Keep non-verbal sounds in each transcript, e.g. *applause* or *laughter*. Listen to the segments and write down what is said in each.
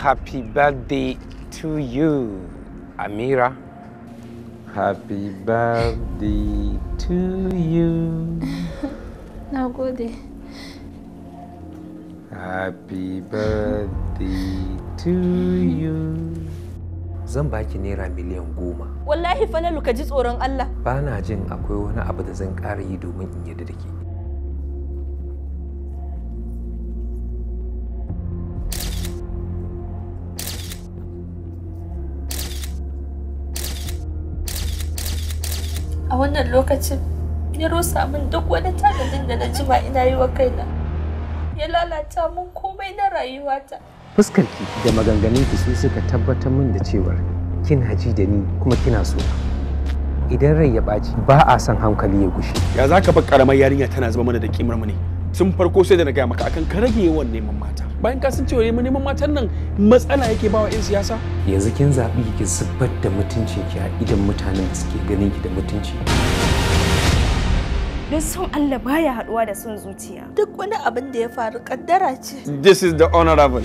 Happy birthday to you, Amira. Happy birthday to you. *laughs* go there. Happy birthday to you. Zan baki naira miliyan goma. Wallahi falalu ka ji tsoron Allah. Ba na jin akwai wani abu da zan ƙara yi domin in yarda da ke. a wannan lokacin ya rusa min duk wani tanadin da na jima ina yi wa kaina ya lalata min komai na rayuwata fuskarki da maganganunki sun suka tabbatar min da cewar kina ji da ni kuma kina so idan rai ya ɓaci ba a son hankali ya gushe ya za ka bar karamar yarinya tana zama mana da kimar mu ne tun farko sai da na gaya maka akan ka rage yawan neman mata bayan ka san cewa neman matan nan matsala yake bawa 'yan siyasa yanzu kin zabi ki zubar da mutunci ki a idan mutanen da suke ganin ki da mutunci don son Allah baya haɗuwa da son zuciya duk wani abin da ya faru kaddara ce this is the honorable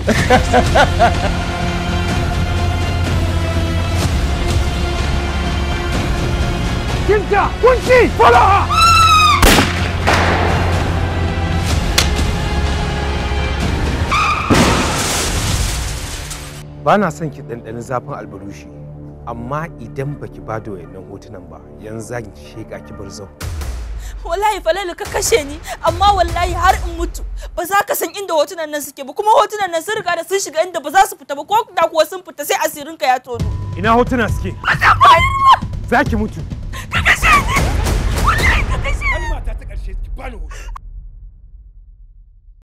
Kinta, kunci, follow her! ba na son ki ɗanɗani zafin albarushi amma idan baki ba da wayannan hotunan ba yanzu ki sheƙa ki barzan wallahi falalu ka kashe ni amma wallahi har in mutu ba za ka san inda hotunan nan suke ba kuma hotunan nan sun riga da sun shiga inda ba za su fita ba ko da kuwa sun fita sai asirin ka ya tono ina hotuna suke za ki mutu ka kashe ni wallahi ka kashe ni mata ta karshe ki bani hoto